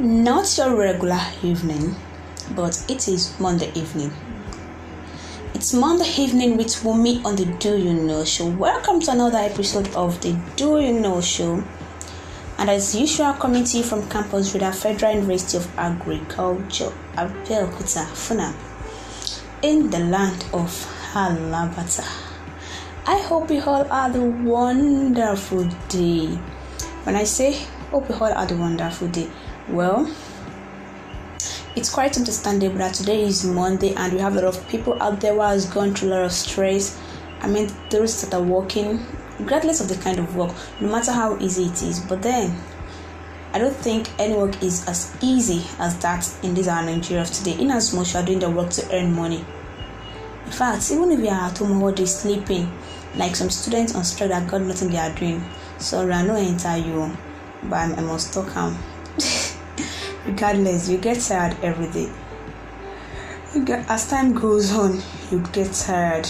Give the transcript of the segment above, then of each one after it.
not your regular evening, but it is Monday evening. It's Monday evening with Wumi on the Do You Know Show. Welcome to another episode of the Do You Know Show. And as usual, coming to you from campus with our Federal University of Agriculture, Abeokuta, Funa, in the land of Halabata. I hope you all had a wonderful day. When I say hope you all had a wonderful day, well, it's quite understandable that today is Monday and we have a lot of people out there who has gone through a lot of stress. I mean, those that are working, regardless of the kind of work, no matter how easy it is. But then, I don't think any work is as easy as that in this our Nigeria of today, in as much you are doing the work to earn money. In fact, even if you are at home all day sleeping, like some students on strike that got nothing they are doing, sorry, I no enter you, but I must talk out. Um regardless you get tired every day get, as time goes on you get tired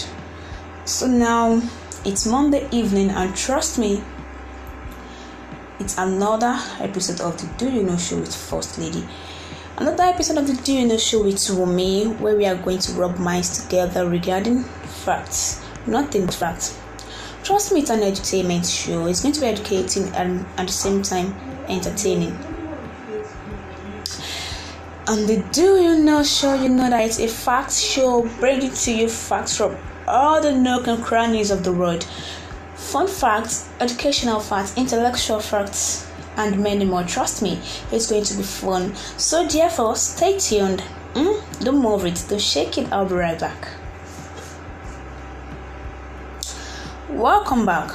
so now it's monday evening and trust me it's another episode of the do you know show with first lady another episode of the do you know show with Wumi where we are going to rub minds together regarding facts nothing but facts trust me it's an entertainment show it's going to be educating and at the same time entertaining on the Do You Know Show, you know that it's a fact show bringing to you facts from all the nook and crannies of the world. Fun facts, educational facts, intellectual facts, and many more. Trust me, it's going to be fun. So, therefore, stay tuned. Mm? Don't move it, don't shake it. I'll be right back. Welcome back.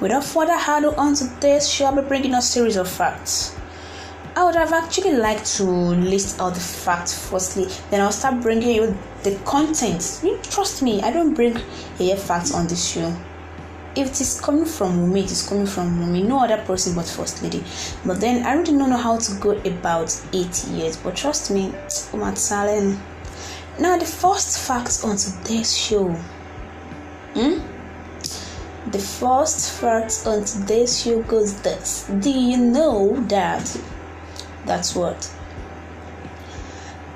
Without further ado, on today's show, I'll be bringing a series of facts. I would have actually liked to list out the facts firstly, then I'll start bringing you the content. trust me, I don't bring here facts on this show. If it is coming from Wumi, it is coming from Wumi, no other person but First Lady. But then I really don't know how to go about it yet. But trust me, oh I'm Salen. Now, the first fact on today's show. Hmm? The first fact on today's show goes this Do you know that that's what.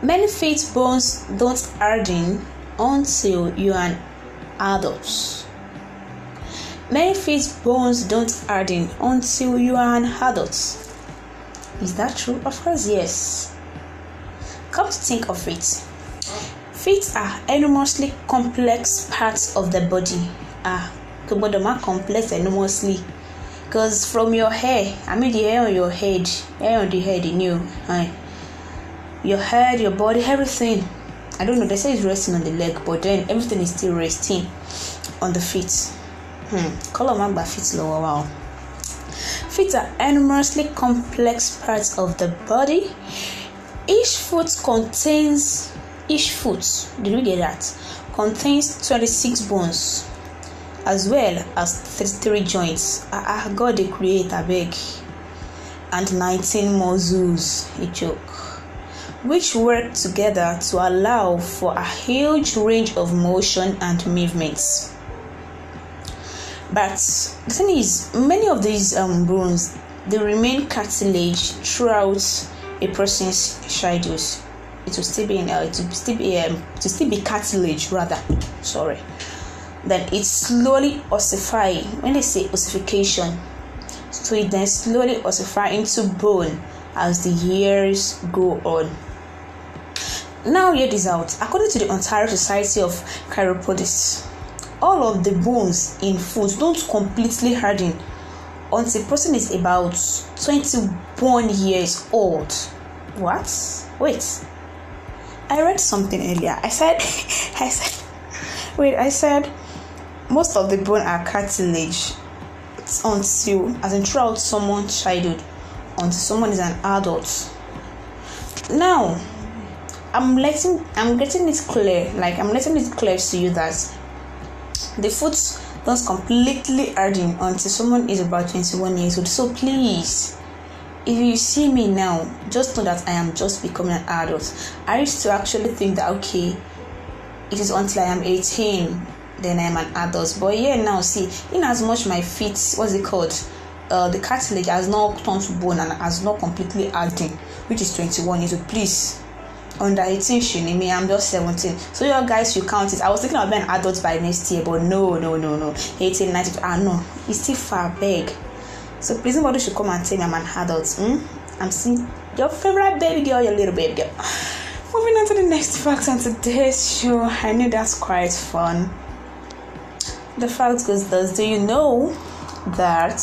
Many faith bones don't harden until you are an adult. Many faith bones don't harden until you are an adult. Is that true? Of course, yes. Come to think of it, feet are enormously complex parts of the body. Ah, the body complex enormously. Because from your hair, I mean the hair on your head, hair on the head in you, right? your head, your body, everything. I don't know, they say it's resting on the leg, but then everything is still resting on the feet. Hmm, color man by feet lower wow. Feet are enormously complex parts of the body. Each foot contains each foot, did we get that? Contains 26 bones as well as 33 joints. Ah, ah God, they create, beg. And 19 more zoos, he joke, which work together to allow for a huge range of motion and movements. But the thing is, many of these um, bones they remain cartilage throughout a person's childhood. It will still be in, uh, it still be um, to still be cartilage rather. Sorry then it's slowly ossifying. When they say ossification, so it then slowly ossifies into bone as the years go on. Now hear this out. According to the Ontario Society of Chiropodists, all of the bones in foot don't completely harden until person is about 21 years old. What? Wait. I read something earlier. I said I said wait, I said most of the bone are cartilage until as in throughout someone's childhood until someone is an adult now i'm letting i'm getting it clear like i'm letting it clear to you that the foot does completely harden until someone is about 21 years old so please if you see me now just know that i am just becoming an adult i used to actually think that okay it is until i am 18 then I'm an adult. But yeah, now see, in as much my feet, what's it called? Uh, the cartilage has not turned to bone and has not completely hardened, which is 21 years old. Please, under 18, me. I'm just 17. So, your guys, you count it. I was thinking of being an adult by next year, but no, no, no, no. 18, 19, ah, no, it's still far big. So, please, nobody should come and tell me I'm an adult. Hmm? I'm seeing your favorite baby girl, your little baby girl. Moving on to the next fact on today's show, I knew that's quite fun the fact goes thus do you know that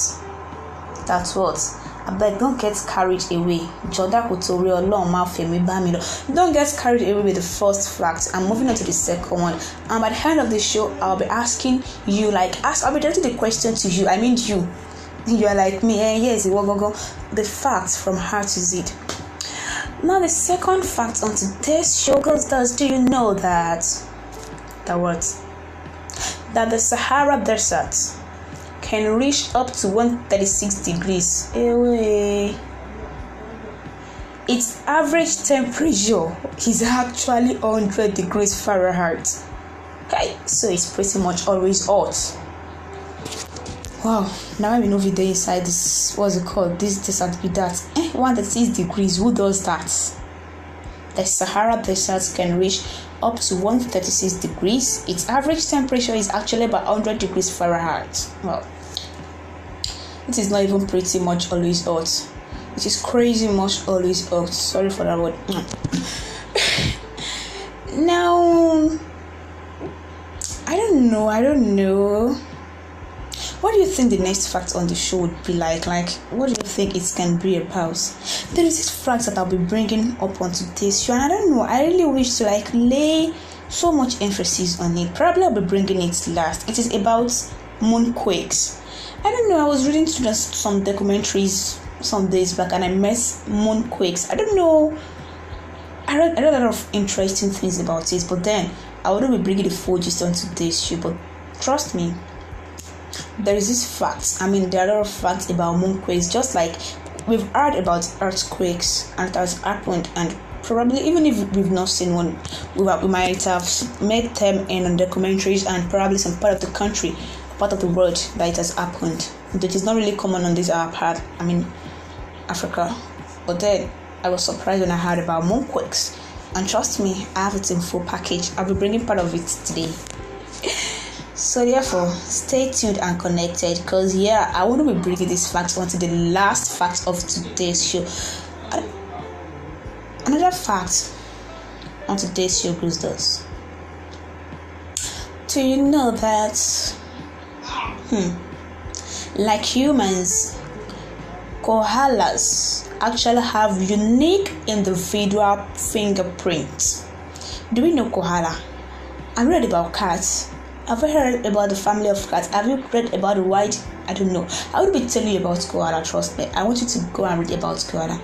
that's what beg, don't get carried away do don't get carried away with the first fact i'm moving on to the second one and by the end of the show i'll be asking you like ask i'll be directing the question to you i mean you you are like me eh yes the facts from heart to Z now the second fact on today's show goes thus do you know that that what that the Sahara Desert can reach up to 136 degrees. Its average temperature is actually 100 degrees Fahrenheit. Okay, so it's pretty much always hot. Wow, now we know there inside this what's it called? This desert and be that. Eh, 136 degrees, who does that? The Sahara Desert can reach up to 136 degrees. Its average temperature is actually about 100 degrees Fahrenheit. Well, it is not even pretty much always hot. It is crazy much always hot. Sorry for that word. now, I don't know. I don't know. What do you think the next fact on the show would be like? Like, what do you think it can be about? There is this fact that I'll be bringing up onto this show, and I don't know. I really wish to like lay so much emphasis on it. Probably I'll be bringing it last. It is about moonquakes. I don't know. I was reading just some documentaries some days back, and I met moonquakes. I don't know. I read, I read a lot of interesting things about this, but then I wouldn't be bringing the full gist onto this show. But trust me, there is this fact. I mean, there are a lot of facts about moonquakes, just like we've heard about earthquakes and it has happened and probably even if we've not seen one we, we might have met them in documentaries and probably some part of the country part of the world that it has happened that is not really common on this our part i mean africa but then i was surprised when i heard about moonquakes and trust me i have it in full package i'll be bringing part of it today so therefore, stay tuned and connected because yeah, I want to be bringing this fact onto the last fact of today's show. Another fact on today's show goes thus. Do you know that hmm, like humans, koalas actually have unique individual fingerprints? Do we know koala? I read about cats have you heard about the family of cats? Have you read about the white? I don't know. I would be telling you about koala, trust me. I want you to go and read about koala.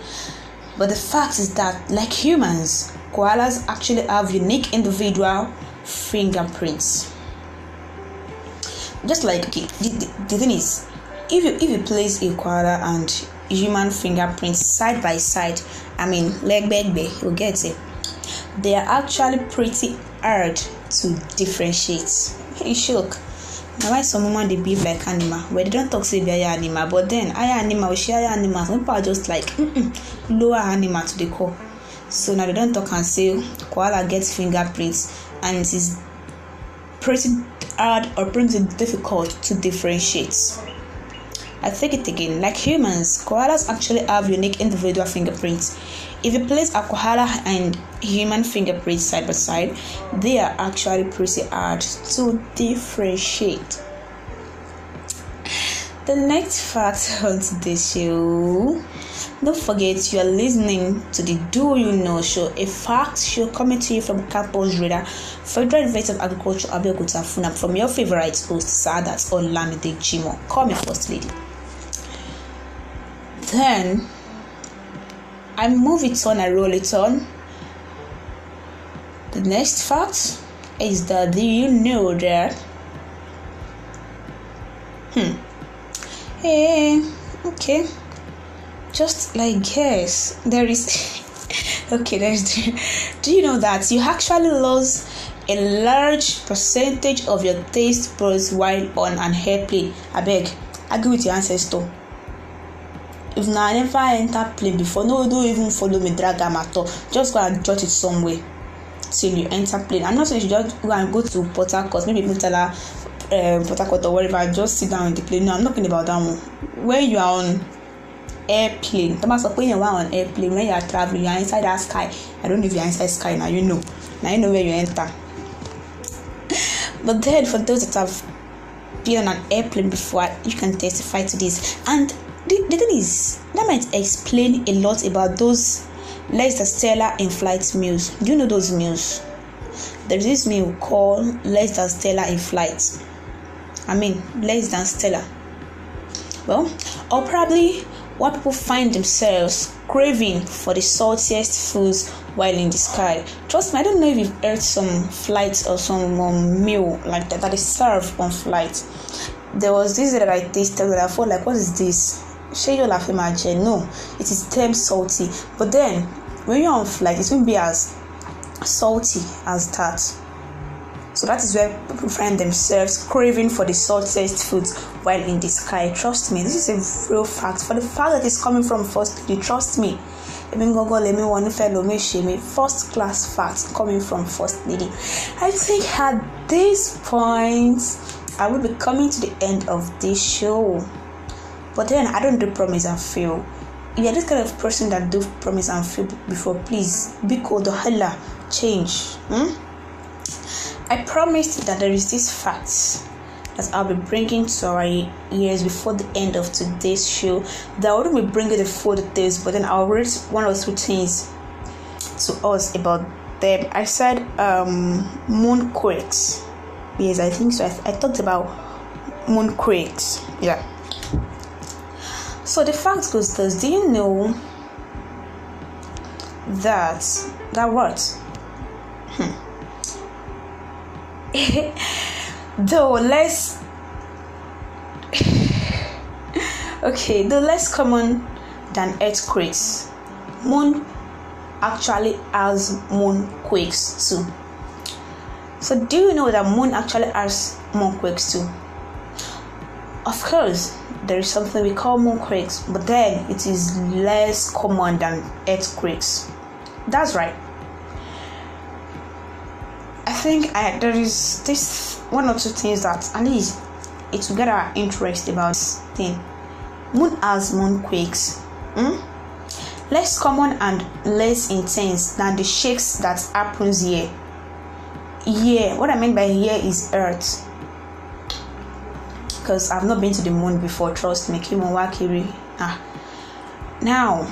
But the fact is that, like humans, koalas actually have unique individual fingerprints. Just like okay, the, the, the thing is, if you if you place a koala and human fingerprints side by side, I mean leg leg leg, you get it. They are actually pretty hard to differentiate he shook na why some women dey behave like animal well they don talk say be higher animal but then higher animal she higher animal some people are just like Mm-mm, lower animal to the core so now they don talk and say koala get fingerprints and it is pretty hard or pretty difficult to differentiate. I take it again, like humans, koalas actually have unique individual fingerprints. If you place a Aquahala and human fingerprints side by side, they are actually pretty hard to differentiate. The next fact on today's show don't forget you are listening to the Do You Know Show, a fact show coming to you from Campus Reader, Federal University of Agriculture, Abeokuta, Funab, from your favorite host, Sadat Olamide Jimo. Call me First Lady. Then, I move it on, I roll it on. The next fact is that do you know that? Hmm. Hey, eh, okay. Just like guess, there is. okay, there's. Do you know that you actually lose a large percentage of your taste buds while on an airplane? I beg, I agree with your ancestor. if na never enter play before no no even follow me drag am at all just go and jot it somewhere till you enter plane i'm not saying you should just go and go to port harcourt maybe people tell her um, port harcourt or wherever just sit down in the plane no i'm not talking about that one when you are on airplane tọ́ba sọ pé èèyàn wà on airplane when you are traveling, you are inside that sky i don't know if you are inside sky na you know na you know where you enter but then for those that have been on an airplane before you can testify to this and the, the thing is, that might explain a lot about those Leicester Stella in flight meals. Do you know those meals? There's this meal called Less Than Stella in Flight. I mean, Less Than Stella. Well, or probably what people find themselves craving for the saltiest foods while in the sky. Trust me, I don't know if you've heard some flights or some um, meal like that that is served on flight. There was this that I tasted that I felt like, what is this? shade all afemaje no it is term salty but then when you're on flight it won't be as salty as that so that is where people find themselves craving for the saltiest foods while in the sky trust me this is a real fact for the fact that it's coming from first lady trust me èmi let lèmi wọn fellow lomi ṣe mi first class fact coming from first lady i think at this point i will be coming to the end of this show. But then I don't do promise and fail. If you're this kind of person that do promise and fail before, please, because the hella change. Hmm? I promised that there is this fact that I'll be bringing to our ears before the end of today's show. That I wouldn't be bringing the full details, but then I'll read one or two things to us about them. I said um, moonquakes. Yes, I think so. I, th- I talked about moonquakes. Yeah. So the fact goes this do you know that that what? Hmm. though less okay, though less common than earthquakes, moon actually has moon quakes too. So do you know that moon actually has moon quakes too? Of course, there is something we call moonquakes, but then it is less common than earthquakes. That's right. I think I, there is this one or two things that at least it will get our interest about this thing. Moon as moonquakes. Hmm? Less common and less intense than the shakes that happens here. Yeah, what I mean by here is earth because I've not been to the moon before. Trust me, Kimonwakiri. Ah. Now,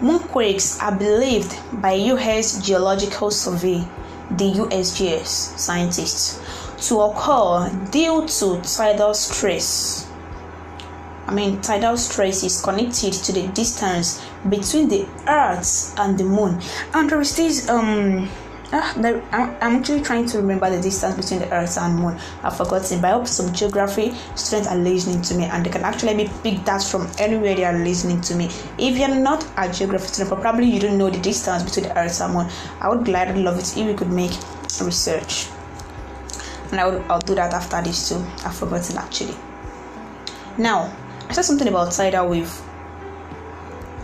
moonquakes are believed by U.S. Geological Survey, the USGS scientists, to occur due to tidal stress. I mean, tidal stress is connected to the distance between the Earth and the Moon, and there is this um Ah, I'm, I'm actually trying to remember the distance between the Earth and Moon. I've forgotten, but I hope some geography students are listening to me and they can actually be picked that from anywhere they are listening to me. If you're not a geography student, but probably you don't know the distance between the Earth and Moon, I would gladly love it if we could make research. And I will, I'll do that after this too. I've forgotten actually. Now, I said something about tidal wave.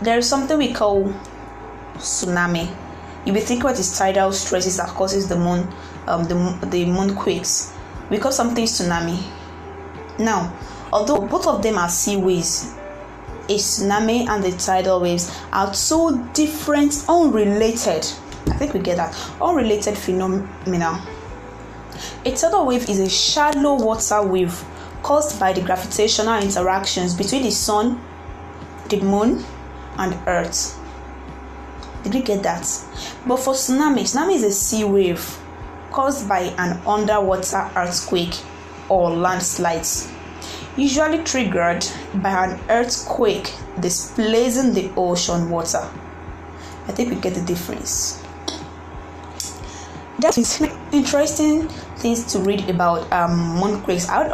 There is something we call tsunami you may think what is tidal stresses that causes the moon, um, the, the moon quakes. We call something tsunami. Now, although both of them are sea waves, a tsunami and the tidal waves are two different, unrelated. I think we get that unrelated phenomena. A tidal wave is a shallow water wave caused by the gravitational interactions between the sun, the moon, and earth. Did you get that? But for tsunami, tsunami is a sea wave caused by an underwater earthquake or landslides, usually triggered by an earthquake displacing the ocean water. I think we get the difference. That is interesting things to read about um, I would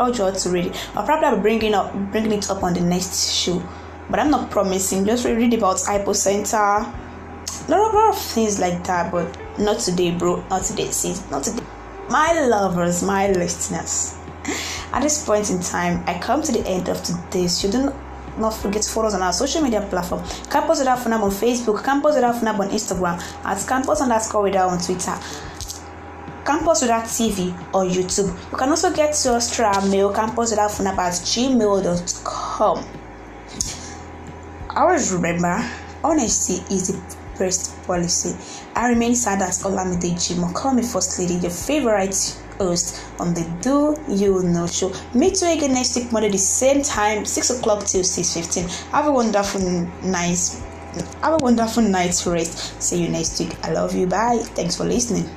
urge you all to read it. I'll probably be bringing up bringing it up on the next show, but I'm not promising. Just read about hypocenter a lot of things like that, but not today, bro. Not today, sis. Not today. My lovers, my listeners. At this point in time, I come to the end of today's. You do not forget to follow us on our social media platform Campus Without Funab on Facebook, Campus Without Funab on Instagram, at Campus underscore without on Twitter. Campus Without TV on YouTube. You can also get to us through our mail, campus without funab at gmail.com. always remember honesty is the policy. I remain sad as Olamide Jimokami, First Lady, your favorite host on the Do You Know Show. Meet you again next week, Monday, the same time, 6 o'clock till 6.15. Have a wonderful night. Have a wonderful night's rest. See you next week. I love you. Bye. Thanks for listening.